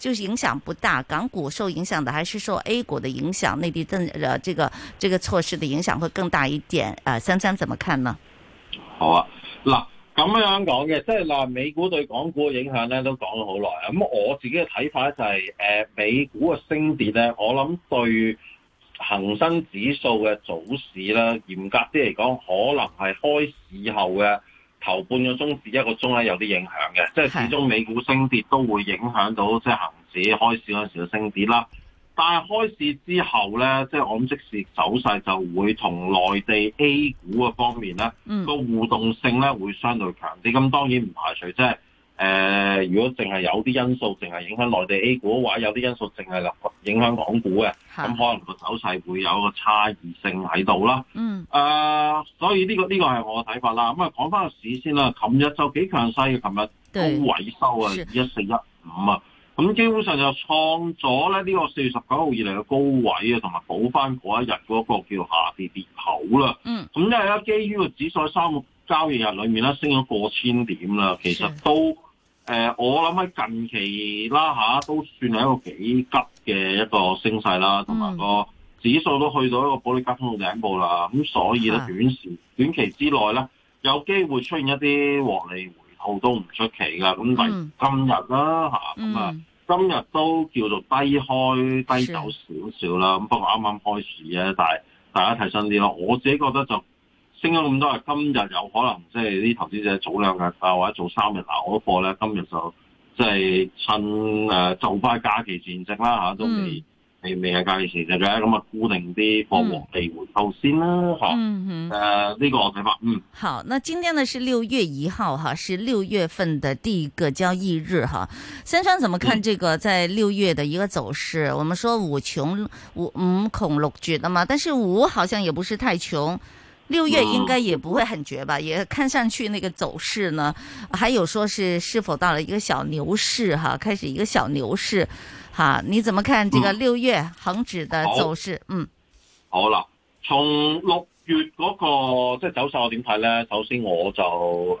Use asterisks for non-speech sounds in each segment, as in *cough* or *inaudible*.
就是影響不大，港股受影響的還是受 A 股的影響，內地政呃這個這個措施的影響會更大一點。啊、呃，尚中怎麼看呢？好啊，嗱咁樣講嘅，即係嗱美股對港股嘅影響咧都講咗好耐啊。咁、嗯、我自己嘅睇法就係、是，誒、呃、美股嘅升跌咧，我諗對恒生指數嘅早市咧，嚴格啲嚟講，可能係開市後嘅。頭半個鐘至一個鐘咧有啲影響嘅，即係始終美股升跌都會影響到，即係行市開市嗰陣時嘅升跌啦。但係開市之後咧，即係我諗即時走勢就會同內地 A 股嘅方面咧個、嗯、互動性咧會相對強啲。咁當然唔排除即係。誒、呃，如果淨係有啲因素淨係影響內地 A 股嘅話，或者有啲因素淨係影響港股嘅，咁的可能個走勢會有個個差異性喺度啦。嗯、呃，所以呢、這個呢、這個係我嘅睇法啦。咁啊，講翻個市先啦。琴日就幾強勢嘅，琴日高位收對啊，一四一五啊，咁基本上就創咗咧呢、這個四月十九號以嚟嘅高位啊，同埋補翻嗰一日嗰個叫下跌裂口啦。咁因為咧，基於個指數三個交易日裏面咧升咗過千點啦，其實都。誒、呃，我諗喺近期啦嚇、啊，都算係一個幾急嘅一個升勢啦，同埋、嗯、個指數都去到一個保力加通道嘅頂部啦。咁所以咧，短時短期之內咧，有機會出現一啲獲利回吐都唔出奇㗎。咁但今日啦咁、嗯、啊、啊、嗯、今日都叫做低開、嗯、低走少少啦。咁的不過啱啱開始啊，但係大家提醒啲咯，我自己覺得就。升咗咁多，今日有可能即係啲投資者早兩日啊，或者早三日留咗貨咧，今日就即係趁誒、呃、就快假期前夕啦嚇，都未未未係假期前夕嘅咁啊，就固定啲貨黃地回頭先啦嚇，誒，呢個睇法嗯。好，那今天呢是六月一號哈，是六月份的第一個交易日哈、啊。先生怎麼看這個在六月的一個走勢？嗯、我們說五窮五五窮六絕的嘛，但是五好像也不是太窮。六月應該也不會很絕吧，嗯、也看上去那個走勢呢？還有說是是否到了一個小牛市哈、啊？開始一個小牛市，哈？你怎麼看這個六月恒指的走勢？嗯，好啦，從六、嗯、月嗰、那個即係、就是、走勢我點睇咧？首先我就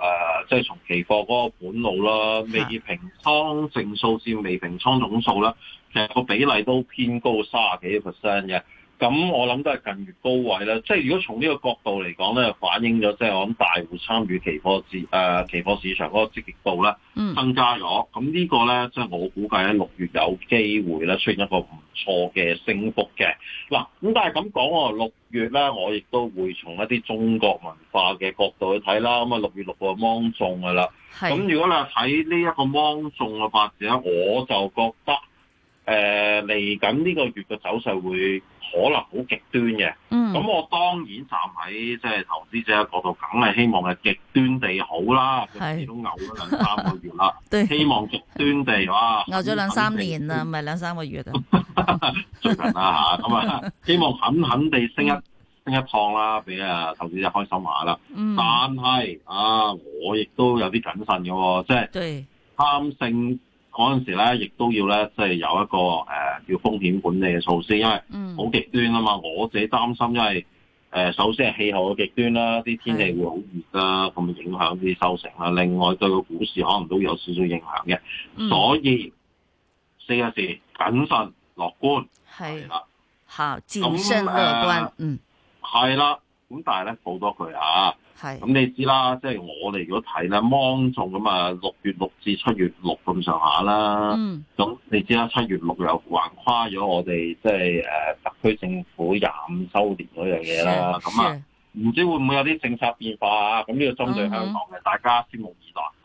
誒即係從期貨嗰個本路啦，未平倉正數佔未平倉總數啦，其實個比例都偏高卅幾個 percent 嘅。咁我諗都係近月高位啦，即係如果從呢個角度嚟講咧，反映咗即係我諗大戶參與期貨市誒、呃、期貨市場嗰個積極度咧增加咗。咁、嗯、呢個咧即係我估計喺六月有機會咧出現一個唔錯嘅升幅嘅嗱。咁但係咁講喎，六月咧，我亦都會從一啲中國文化嘅角度去睇啦。咁啊六月六個芒種噶啦，咁的如果你睇呢一個芒種嘅發展咧，我就覺得誒嚟緊呢個月嘅走勢會。可能好極端嘅，咁、嗯、我當然站喺即、即係、投資者角度，梗係希望係極端地好啦，呢是都嘔咗兩三個月啦， *laughs* 對希望極端地哇，嘔咗兩三年啦，唔係哇兩三個月 *laughs* 啊，最近啦嚇，咁啊希望狠狠地升一、嗯、升一趟啦，俾啊投資者開心下啦。嗯、但係啊，我亦都有啲謹慎嘅喎，即係貪對性嗰陣時咧，亦都要咧，即係有一個誒叫風險管理嘅措施，因為好極端啊嘛。我自己擔心，因為誒首先係氣候嘅極端啦，啲天氣會好熱啦，咁是影響啲收成啦。另外對個股市可能都有少少影響嘅，嗯、所以四個字謹慎樂觀係啦，是的好謹慎樂觀，那嗯，係啦。咁但係咧，好多佢啊！係，咁是、嗯、你知啦，即係我哋如果睇啦芒種咁啊，六月六至七月六咁上下啦。嗯。咁、嗯、你知啦，七月六又橫跨咗我哋即係、啊、特區政府廿五周年嗰樣嘢啦。咁是啊，唔知會唔會有啲政策變化啊？咁呢個針對香港嘅，嗯、哼大家拭目以待。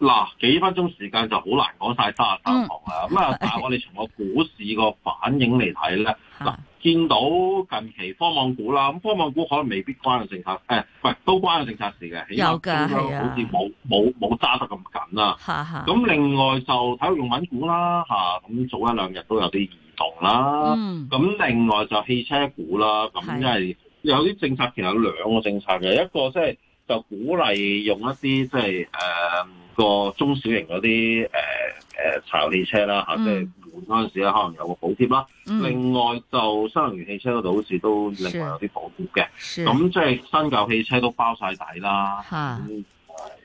嗱，幾分鐘時間就好難講晒。三十三行啦咁啊，但係我哋從個股市個反應嚟睇咧，嗱是，見到近期科網股啦，咁科網股可能未必關個政策，誒、哎，唔都關個政策事嘅，起碼有碼的好似冇冇冇揸得咁緊啦、啊。咁是，另外就體育用品股啦，吓、啊，咁早一兩日都有啲異動啦。咁、嗯、另外就汽車股啦，咁因為有啲政策其實有兩個政策嘅，是一個即係就鼓勵用一啲即係誒。就是呃個中小型嗰啲誒誒柴油汽車啦嚇，嗯、即係換嗰陣時咧，可能有個補貼啦。嗯、另外就新能源汽車嗰度好似都另外有啲補貼嘅。咁即係新舊汽車都包晒底啦。咁、啊、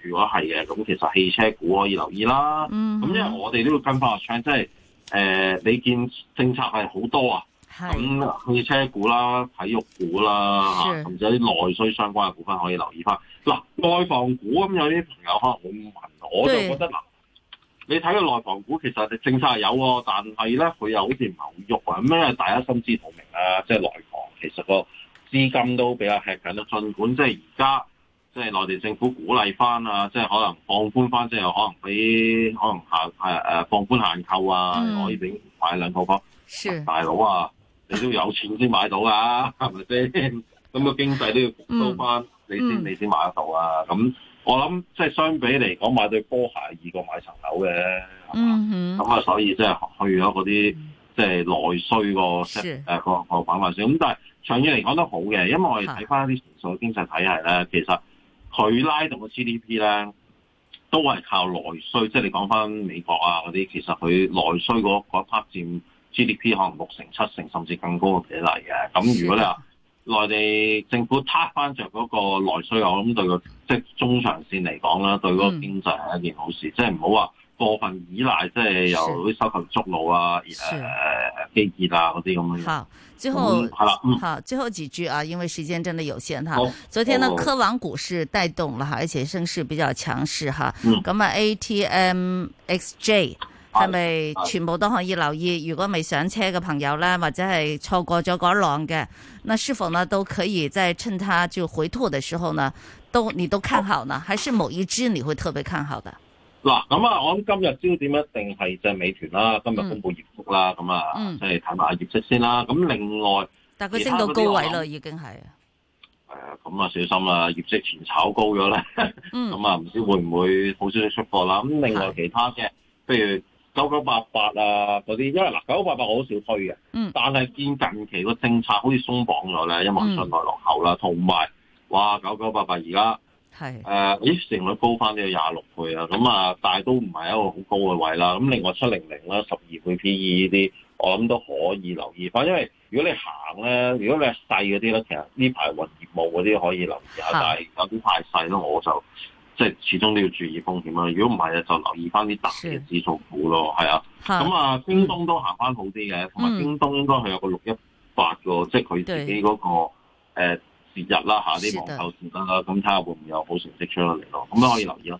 如果係嘅，咁其實汽車股可以留意啦。咁因為我哋呢要跟翻落去，即係誒、呃，你見政策係好多啊。咁汽、嗯、車股啦、體育股啦嚇，甚至有啲內需相關嘅股份可以留意翻。嗱，內房股咁有啲朋友可能會問，我就覺得嗱是，你睇個內房股其實政策係有、啊，但係咧佢又好似唔係好喐啊。咩大家心知肚明啊，即、就、係、是、內房其實個資金都比較吃緊啦。儘管即係而家即係內地政府鼓勵翻啊，即、就、係、是、可能放寬翻，即、就、係、是、可能俾可能限、啊啊、放寬限購啊，嗯、可以俾買兩套房是、啊、大佬啊。你都要有錢先買到啊，係咪先？咁個經濟都要復甦翻，你先你先買得到啊！咁、嗯嗯、我諗即係相比嚟講，買對波鞋易過買層樓嘅，係嘛？咁啊，所以即係去咗嗰啲即係內需個誒個個反饋先。咁但係長遠嚟講都好嘅，因為我哋睇翻啲傳統經濟體系咧，是其實佢拉動個 GDP 咧都係靠內需。即、就、係、是、你講翻美國啊嗰啲，其實佢內需嗰一 part 佔 GDP 可能六成、七成甚至更高嘅比例嘅，咁如果你話的內地政府撻翻著嗰個內需，我諗對個即係中長線嚟講啦，對嗰個經濟係一件好事，嗯、即係唔好話過分依賴，即係又會收購捉路啊、誒是、呃、基建啊嗰啲咁嘅嘢，好，最後，嗯、好，最後幾句啊，因為時間真的有限吓，哦、昨天呢，科網股市帶動啦，哦、而且升勢比較強勢吓，嗯。咁啊，ATMXJ。係咪全部都可以留意？如果未上車嘅朋友咧，或者係錯過咗嗰一浪嘅，那是否呢都可以？即係趁佢就回吐嘅時候呢？都你都看好呢？還是某一支你會特別看好的？嗱、嗯、咁、嗯、啊，我今日焦點一定係即係美團啦，今日公布業績啦，咁啊，即係睇埋業績先啦。咁另外，但係佢升到高位啦，已經係。誒、嗯，咁啊小心啦，業績前炒高咗啦，咁啊唔知會唔會好少出貨啦？咁另外其他嘅，譬如。九九八八啊，嗰啲，因為嗱九九八八我好少推嘅，嗯是，但係見近期個政策好似鬆綁咗咧，因為信貸落後啦，同埋哇九九八八而家係誒咦成率高翻啲廿六倍啊，咁啊，但係都唔係一個好高嘅位啦。咁另外七零零啦，十二倍 PE 呢啲，我諗都可以留意翻。因為如果你行咧，如果你係細嗰啲咧，其實呢排運業務嗰啲可以留意下，的但係有啲太細咯，我就。即係始終都要注意風險啦。如果唔係啊，就留意翻啲大嘅指數股咯。係是啊，咁啊、嗯，京東都行翻好啲嘅，同埋京東應該係有個六一八個，嗯、即係佢自己嗰、那個誒節日啦吓，啲網購節啦，咁睇下會唔會有好成績出嚟咯。咁都的可以留意啦。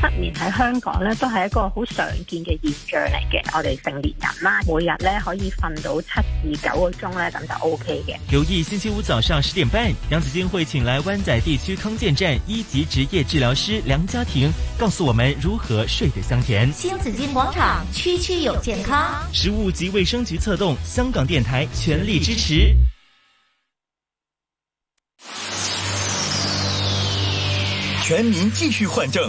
失眠喺香港呢，都係一個好常見嘅現象嚟嘅。我哋成年人啦、啊，每日呢，可以瞓到七至九個鐘呢，咁就 O K 嘅。留意星期五早上十點半，楊子矜會請來灣仔地區康健站一級職業治療師梁嘉婷，告訴我們如何睡得香甜。新紫荊廣場區區有健康，食物及衛生局策動，香港電台全力支持，全民繼續換證。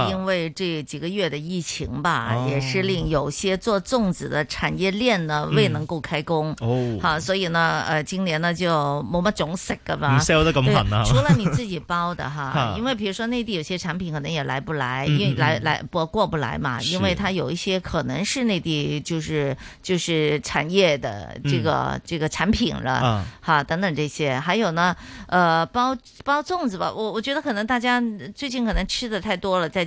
因為這幾個月的疫情吧，哦、也是令有些做粽子的產業鏈呢、嗯、未能夠開工。哦，好，所以呢，呃，今年呢就冇乜粽食噶嘛。唔食得咁狠、啊、除了你自己包的哈，哈哈因為比如說內地有些產品可能也來不來，嗯、因為來來不過不來嘛，是因為它有一些可能是內地就是就是產業的這個、嗯、這個產品了，嗯、哈，等等這些。還有呢，呃，包包粽子吧，我我覺得可能大家最近可能吃的太多了，在。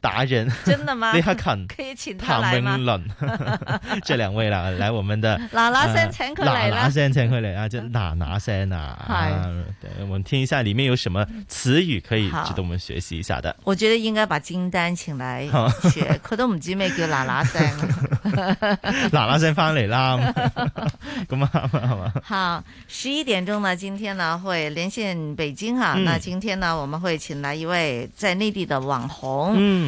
達人，真的嗎？李克勤、譚詠麟，這兩位啦，來我們的嗱嗱聲請佢嚟啦，嗱嗱聲請佢嚟啊，就係嗱嗱聲啊，係，我們聽一下裏面有什麼詞語可以值得我們學習一下的。我覺得應該把金丹請來，可都唔知咩叫嗱嗱聲，嗱嗱聲翻嚟啦，咁啊，好，十一點鐘呢，今天呢會連線北京哈，那今天呢我們會請來一位在內地的網紅，嗯。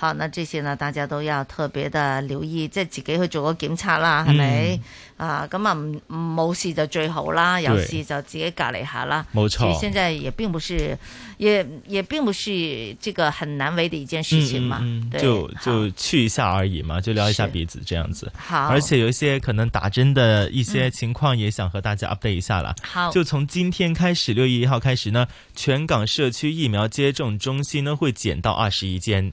好，那這些呢，大家都要特別的留意，即係自己去做個檢查啦，係咪、嗯？啊，咁啊唔唔冇事，就最好啦，有事對就自己隔離下啦。冇錯錯，現在也並不是，也也並不是這個很難為的一件事情嘛。嗯、對就好就去一下而已嘛，就撩一下鼻子這樣子。好，而且有一些可能打針的一些情況，也想和大家 update 一下啦。嗯、好，就從今天開始，六月一號開始呢，全港社區疫苗接種中心呢會減到二十一間。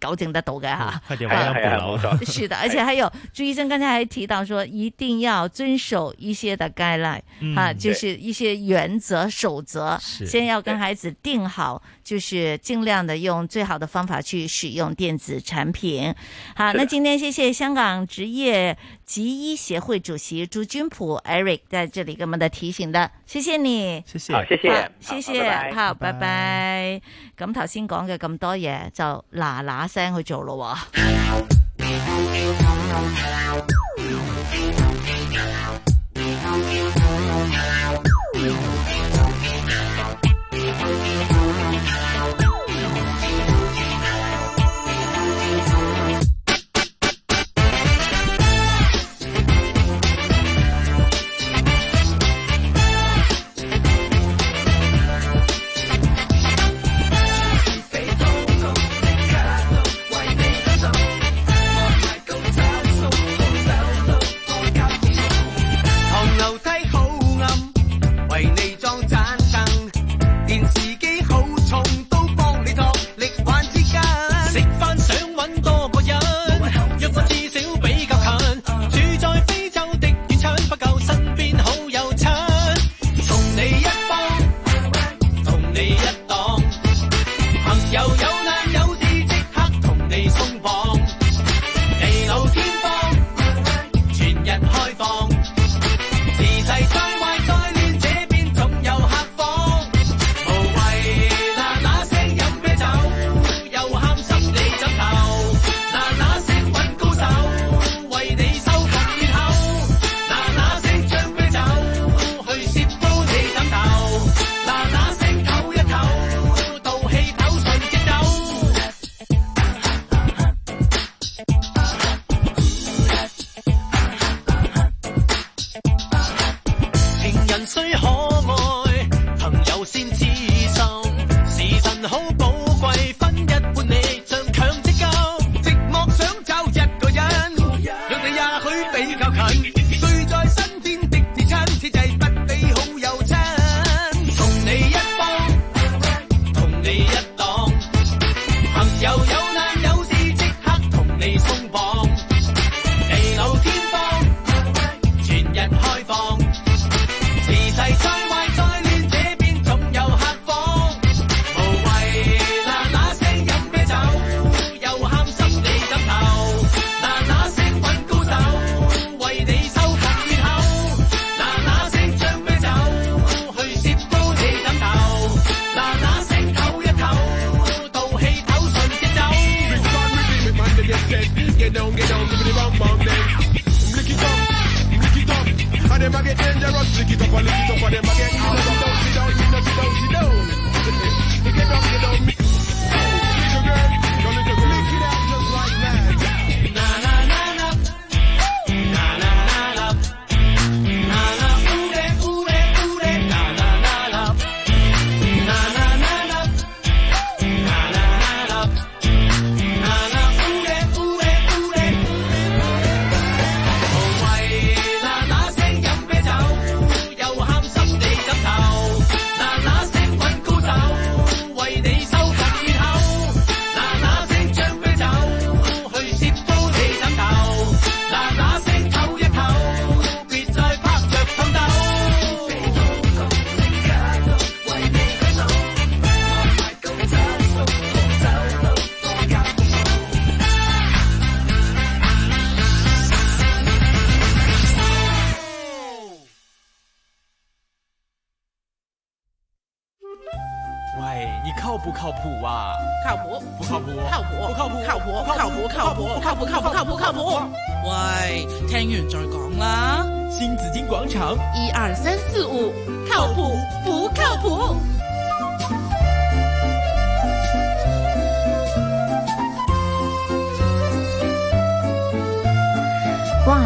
搞正得到嘅吓，係啊是的，而且還有朱醫生剛才還提到說，一定要遵守一些的 guideline 啊，就是一些原則守則。先要跟孩子定好，就是盡量的用最好的方法去使用電子產品。好，那今天謝謝香港執業脊醫協會主席朱君璞 Eric 在這裏給我們的提醒的，謝謝你，謝謝，謝謝，謝謝，好，拜拜。咁頭先講嘅咁多嘢就嗱嗱。聲去做咯喎。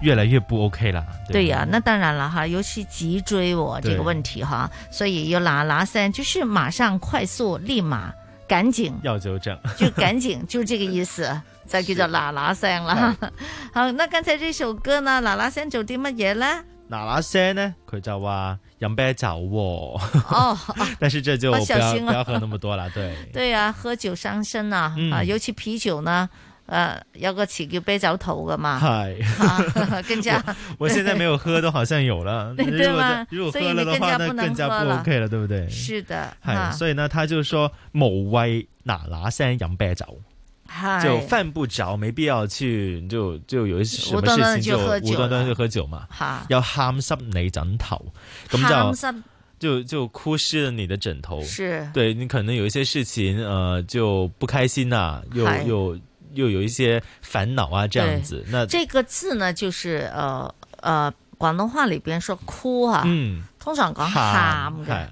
越來越不 OK 啦！對呀，那當然了哈，尤其脊椎我這個問題哈，所以有喇喇聲，就是馬上快速立馬趕緊要糾正，就趕緊就這個意思，再就叫喇喇聲啦。好，那剛才這首歌呢，喇喇聲做啲乜嘢呢？喇喇聲呢，佢就話飲啤酒哦。哦，但是這就不要不要喝那麼多啦，對。對呀，喝酒傷身啊，啊，尤其啤酒呢。誒，有個詞叫啤酒肚㗎嘛，更加，我現在沒有喝都好像有了，對啊，如果喝了的話，那更加不 OK 了，對不對？是的，係，所以呢，他就說無謂嗱嗱聲飲啤酒，就犯不着，沒必要去，就就有一些什麼事情就無端端去喝酒嘛，要喊濕你枕頭，咁就就就哭濕你的枕頭，是，對你可能有一些事情，呃就不開心啦，又又。又有一些煩惱啊，這樣子。那這個字呢，就是呃呃，廣東話裏邊說哭啊，嗯，通常講喊的，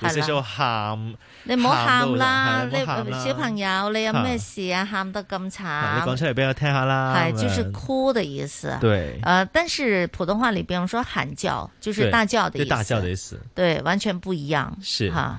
有些時候喊。你唔好喊啦，你小朋友，你有咩事啊？喊得咁慘。你講出嚟俾我聽下啦。係，就是哭的意思。對。呃，但是普通話裏邊說喊叫，就是大叫的意思。大叫的意思。對，完全不一樣。是哈。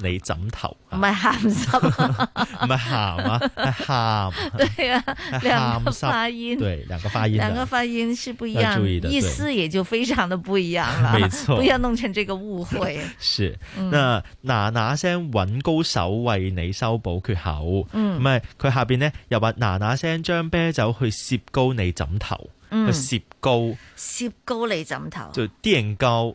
你枕頭唔係鹹濕，唔係鹹啊，係鹹。對啊，鹹濕對，兩個發音，兩個發音是不一樣，意思也就非常的不一樣啦。沒錯，不要弄成這個誤會。是，那嗱嗱聲揾高手為你修補缺口。唔係佢下邊呢又話嗱嗱聲將啤酒去攝高你枕頭，去攝高，攝高你枕頭就墊高。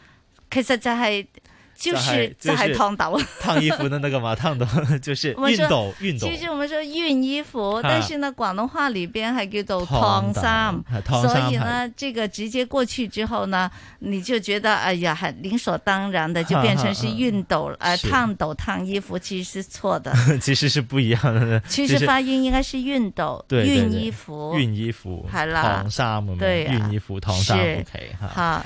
其實就係，就是就係燙斗，燙衣服的那個嘛，燙斗就是熨斗，熨斗。其實我們說熨衣服，但是呢廣東話裏邊係叫做燙衫，所以呢，這個直接過去之後呢，你就覺得哎呀，很理所當然的就變成是熨斗，誒燙斗燙衣服，其實是錯的，其實是不一樣的。其實發音應該是熨斗，熨衣服，熨衣服，係啦，燙衫咁樣，熨衣服燙衫 OK 吓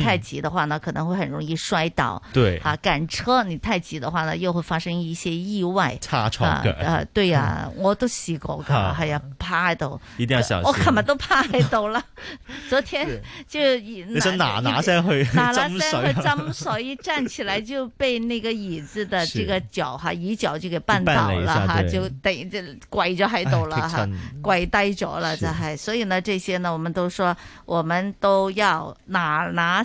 太急的話呢，可能會很容易摔倒。對，啊，趕車你太急的話呢，又會發生一些意外。擦窗啊，對呀，我都試過噶，係啊，趴喺度。一定要小心，我琴日都趴喺度啦，昨天就，係。你想嗱嗱聲去？嗱嗱聲。張所一站起來就被那個椅子的這個腳哈，椅腳就給絆倒了哈，就等於就跪住喺度了哈，跪低咗了就係。所以呢，這些呢，我們都說，我們都要嗱嗱。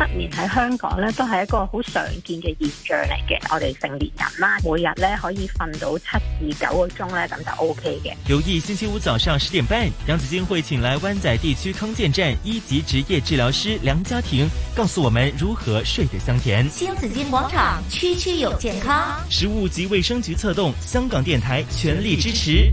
失眠喺香港咧，都係一個好常見嘅現象嚟嘅，我哋成年人啦，啊，每日咧，可以瞓到七至九個鐘咧，咁就 O K 嘅。留意星期五早上十點半，楊子矜會請來灣仔地區康健站一級職業治療師梁嘉婷，告訴我們如何睡得香甜。新紫荊廣場區區有健康，食物及衛生局策動，香港電台全力支持，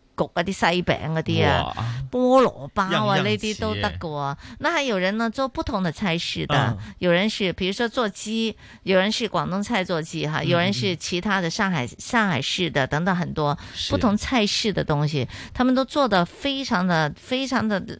啲西餅啲啊，哇菠蘿包啊，呢啲都得噶。那還有人呢，做不同的菜式的。的、嗯、有人是，比如說做雞，有人是廣東菜做雞哈，嗯、有人是其他的上海上海市的等等很多不同菜式的東西，是他們都做得非常的非常的。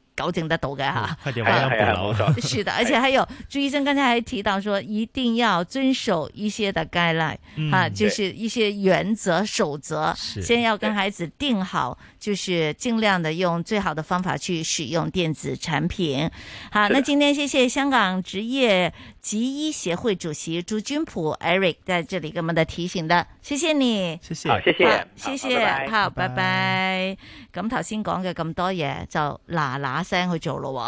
調整得到嘅吓，是的，而且還有朱醫生剛才還提到說，一定要遵守一些的 guideline 啊，就是一些原則守則，先要跟孩子定好，就是盡量的用最好的方法去使用電子產品。好，那今天謝謝香港執業脊醫協會主席朱君璞 Eric 在這裏給我們的提醒的，謝謝你，謝謝，謝謝，謝謝，好，拜拜。咁頭先講嘅咁多嘢就嗱嗱。聲去做咯喎。